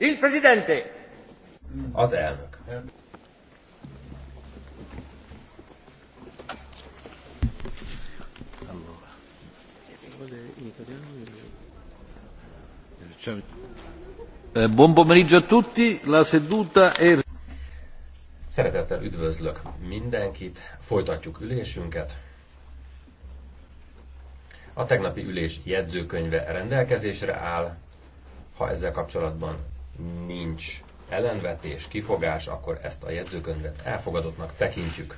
Il Presidente! Az elnök. Eh, buon pomeriggio a tutti, la seduta è... Szeretettel üdvözlök mindenkit, folytatjuk ülésünket. A tegnapi ülés jegyzőkönyve rendelkezésre áll, ha ezzel kapcsolatban nincs ellenvetés, kifogás, akkor ezt a jegyzőkönyvet elfogadottnak tekintjük.